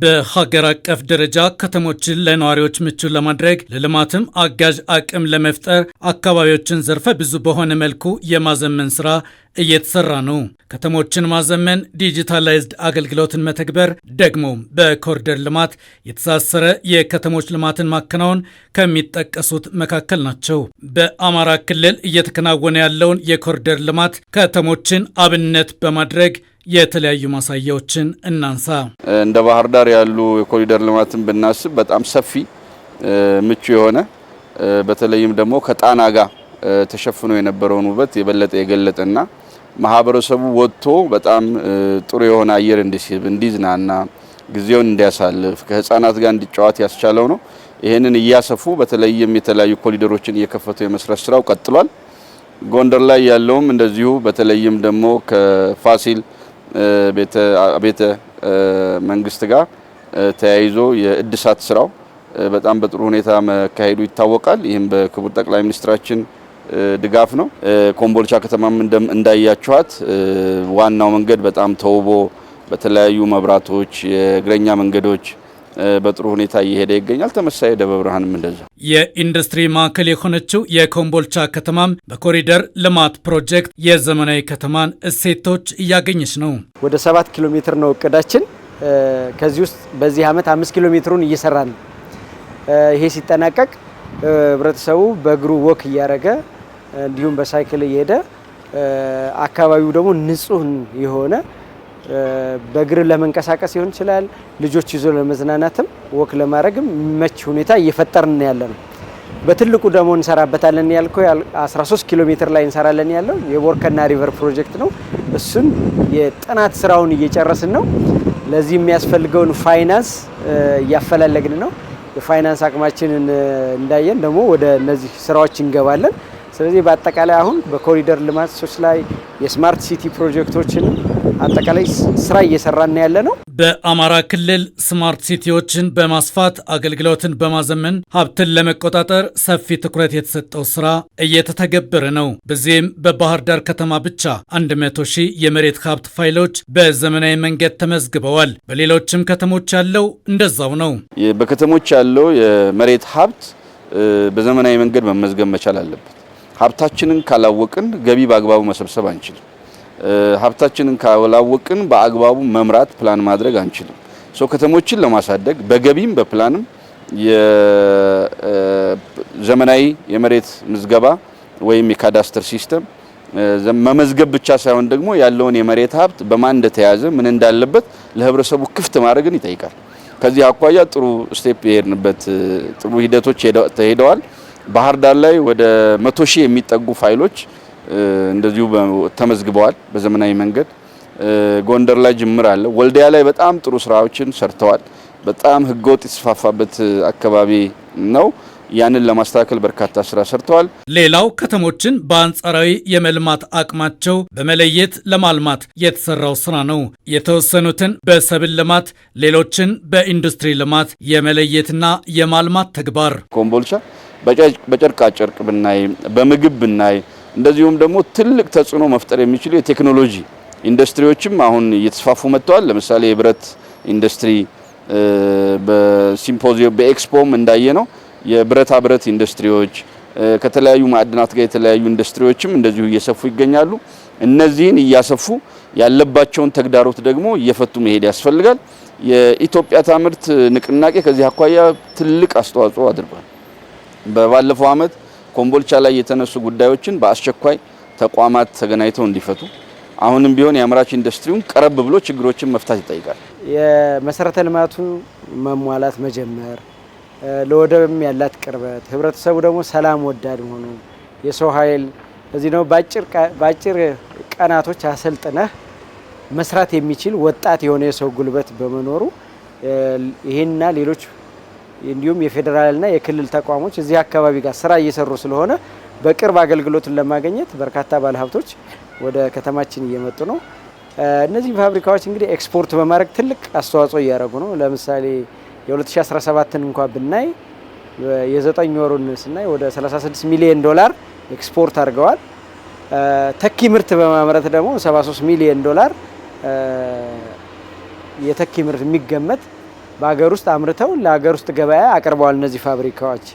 በሀገር አቀፍ ደረጃ ከተሞችን ለነዋሪዎች ምቹ ለማድረግ ለልማትም አጋዥ አቅም ለመፍጠር አካባቢዎችን ዘርፈ ብዙ በሆነ መልኩ የማዘመን ስራ እየተሰራ ነው። ከተሞችን ማዘመን፣ ዲጂታላይዝድ አገልግሎትን መተግበር ደግሞ በኮሪደር ልማት የተሳሰረ የከተሞች ልማትን ማከናወን ከሚጠቀሱት መካከል ናቸው። በአማራ ክልል እየተከናወነ ያለውን የኮሪደር ልማት ከተሞችን አብነት በማድረግ የተለያዩ ማሳያዎችን እናንሳ። እንደ ባህር ዳር ያሉ የኮሪደር ልማትን ብናስብ በጣም ሰፊ ምቹ የሆነ በተለይም ደግሞ ከጣና ጋር ተሸፍኖ የነበረውን ውበት የበለጠ የገለጠና ማህበረሰቡ ወጥቶ በጣም ጥሩ የሆነ አየር እንዲስብ፣ እንዲዝናና፣ ጊዜውን እንዲያሳልፍ ከህፃናት ጋር እንዲጫወት ያስቻለው ነው። ይህንን እያሰፉ በተለይም የተለያዩ ኮሪደሮችን እየከፈቱ የመስራት ስራው ቀጥሏል። ጎንደር ላይ ያለውም እንደዚሁ በተለይም ደግሞ ከፋሲል ቤተ መንግስት ጋር ተያይዞ የእድሳት ስራው በጣም በጥሩ ሁኔታ መካሄዱ ይታወቃል። ይህም በክቡር ጠቅላይ ሚኒስትራችን ድጋፍ ነው። ኮምቦልቻ ከተማም እንዳያችኋት ዋናው መንገድ በጣም ተውቦ በተለያዩ መብራቶች፣ የእግረኛ መንገዶች በጥሩ ሁኔታ እየሄደ ይገኛል። ተመሳሳይ ደብረ ብርሃንም እንደዛ። የኢንዱስትሪ ማዕከል የሆነችው የኮምቦልቻ ከተማም በኮሪደር ልማት ፕሮጀክት የዘመናዊ ከተማን እሴቶች እያገኘች ነው። ወደ ሰባት ኪሎ ሜትር ነው እቅዳችን። ከዚህ ውስጥ በዚህ ዓመት አምስት ኪሎ ሜትሩን እየሰራ ነው። ይሄ ሲጠናቀቅ ህብረተሰቡ በእግሩ ወክ እያደረገ እንዲሁም በሳይክል እየሄደ አካባቢው ደግሞ ንጹህ የሆነ በእግር ለመንቀሳቀስ ሊሆን ይችላል። ልጆች ይዞ ለመዝናናትም ወክ ለማድረግም መች ሁኔታ እየፈጠርን ያለ ነው። በትልቁ ደግሞ እንሰራበታለን ያልከው 13 ኪሎ ሜትር ላይ እንሰራለን ያለው የቦርከና ሪቨር ፕሮጀክት ነው። እሱን የጥናት ስራውን እየጨረስን ነው። ለዚህ የሚያስፈልገውን ፋይናንስ እያፈላለግን ነው። የፋይናንስ አቅማችንን እንዳየን ደግሞ ወደ እነዚህ ስራዎች እንገባለን። ስለዚህ በአጠቃላይ አሁን በኮሪደር ልማቶች ላይ የስማርት ሲቲ ፕሮጀክቶችንም አጠቃላይ ስራ እየሰራን ያለ ነው። በአማራ ክልል ስማርት ሲቲዎችን በማስፋት አገልግሎትን በማዘመን ሀብትን ለመቆጣጠር ሰፊ ትኩረት የተሰጠው ስራ እየተተገበረ ነው። በዚህም በባህር ዳር ከተማ ብቻ 100 ሺህ የመሬት ሀብት ፋይሎች በዘመናዊ መንገድ ተመዝግበዋል። በሌሎችም ከተሞች ያለው እንደዛው ነው። በከተሞች ያለው የመሬት ሀብት በዘመናዊ መንገድ መመዝገብ መቻል አለበት። ሀብታችንን ካላወቅን ገቢ በአግባቡ መሰብሰብ አንችልም። ሀብታችንን ካላወቅን በአግባቡ መምራት ፕላን ማድረግ አንችልም። ሶ ከተሞችን ለማሳደግ በገቢም በፕላንም የዘመናዊ የመሬት ምዝገባ ወይም የካዳስተር ሲስተም መመዝገብ ብቻ ሳይሆን ደግሞ ያለውን የመሬት ሀብት በማን እንደተያዘ ምን እንዳለበት ለህብረተሰቡ ክፍት ማድረግን ይጠይቃል። ከዚህ አኳያ ጥሩ ስቴፕ የሄድንበት ጥሩ ሂደቶች ተሄደዋል። ባህር ዳር ላይ ወደ መቶ ሺህ የሚጠጉ ፋይሎች እንደዚሁ ተመዝግበዋል በዘመናዊ መንገድ። ጎንደር ላይ ጅምር አለ። ወልዲያ ላይ በጣም ጥሩ ስራዎችን ሰርተዋል። በጣም ህገወጥ የተስፋፋበት አካባቢ ነው። ያንን ለማስተካከል በርካታ ስራ ሰርተዋል። ሌላው ከተሞችን በአንጻራዊ የመልማት አቅማቸው በመለየት ለማልማት የተሰራው ስራ ነው። የተወሰኑትን በሰብል ልማት፣ ሌሎችን በኢንዱስትሪ ልማት የመለየትና የማልማት ተግባር ኮምቦልቻ በጨርቃ ጨርቅ ብናይ፣ በምግብ ብናይ፣ እንደዚሁም ደግሞ ትልቅ ተጽዕኖ መፍጠር የሚችሉ የቴክኖሎጂ ኢንዱስትሪዎችም አሁን እየተስፋፉ መጥተዋል። ለምሳሌ የብረት ኢንዱስትሪ በሲምፖዚየም በኤክስፖም እንዳየ ነው። የብረታ ብረት ኢንዱስትሪዎች ከተለያዩ ማዕድናት ጋር የተለያዩ ኢንዱስትሪዎችም እንደዚሁ እየሰፉ ይገኛሉ። እነዚህን እያሰፉ ያለባቸውን ተግዳሮት ደግሞ እየፈቱ መሄድ ያስፈልጋል። የኢትዮጵያ ታምርት ንቅናቄ ከዚህ አኳያ ትልቅ አስተዋጽኦ አድርጓል። በባለፈው ዓመት ኮምቦልቻ ላይ የተነሱ ጉዳዮችን በአስቸኳይ ተቋማት ተገናኝተው እንዲፈቱ አሁንም ቢሆን የአምራች ኢንዱስትሪውን ቀረብ ብሎ ችግሮችን መፍታት ይጠይቃል። የመሰረተ ልማቱ መሟላት መጀመር፣ ለወደብም ያላት ቅርበት፣ ህብረተሰቡ ደግሞ ሰላም ወዳድ መሆኑ፣ የሰው ኃይል እዚህ ነው። በአጭር ቀናቶች አሰልጥነህ መስራት የሚችል ወጣት የሆነ የሰው ጉልበት በመኖሩ ይህንና ሌሎች እንዲሁም የፌዴራልና የክልል ተቋሞች እዚህ አካባቢ ጋር ስራ እየሰሩ ስለሆነ በቅርብ አገልግሎትን ለማግኘት በርካታ ባለሀብቶች ወደ ከተማችን እየመጡ ነው። እነዚህ ፋብሪካዎች እንግዲህ ኤክስፖርት በማድረግ ትልቅ አስተዋጽኦ እያደረጉ ነው። ለምሳሌ የ2017ን እንኳ ብናይ የዘጠኝ ወሩን ስናይ ወደ 36 ሚሊዮን ዶላር ኤክስፖርት አድርገዋል። ተኪ ምርት በማምረት ደግሞ 73 ሚሊዮን ዶላር የተኪ ምርት የሚገመት በሀገር ውስጥ አምርተው ለሀገር ውስጥ ገበያ አቅርበዋል እነዚህ ፋብሪካዎች።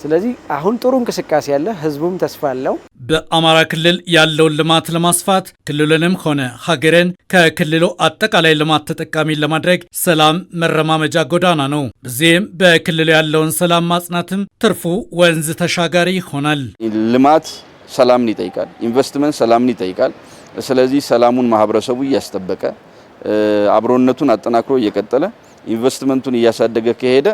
ስለዚህ አሁን ጥሩ እንቅስቃሴ ያለ ህዝቡም ተስፋ አለው። በአማራ ክልል ያለውን ልማት ለማስፋት ክልሉንም ሆነ ሀገርን ከክልሉ አጠቃላይ ልማት ተጠቃሚ ለማድረግ ሰላም መረማመጃ ጎዳና ነው። በዚህም በክልሉ ያለውን ሰላም ማጽናትም ትርፉ ወንዝ ተሻጋሪ ይሆናል። ልማት ሰላምን ይጠይቃል። ኢንቨስትመንት ሰላምን ይጠይቃል። ስለዚህ ሰላሙን ማህበረሰቡ እያስጠበቀ አብሮነቱን አጠናክሮ እየቀጠለ ኢንቨስትመንቱን እያሳደገ ከሄደ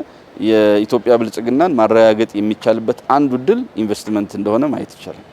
የኢትዮጵያ ብልጽግናን ማረጋገጥ የሚቻልበት አንዱ እድል ኢንቨስትመንት እንደሆነ ማየት ይቻላል።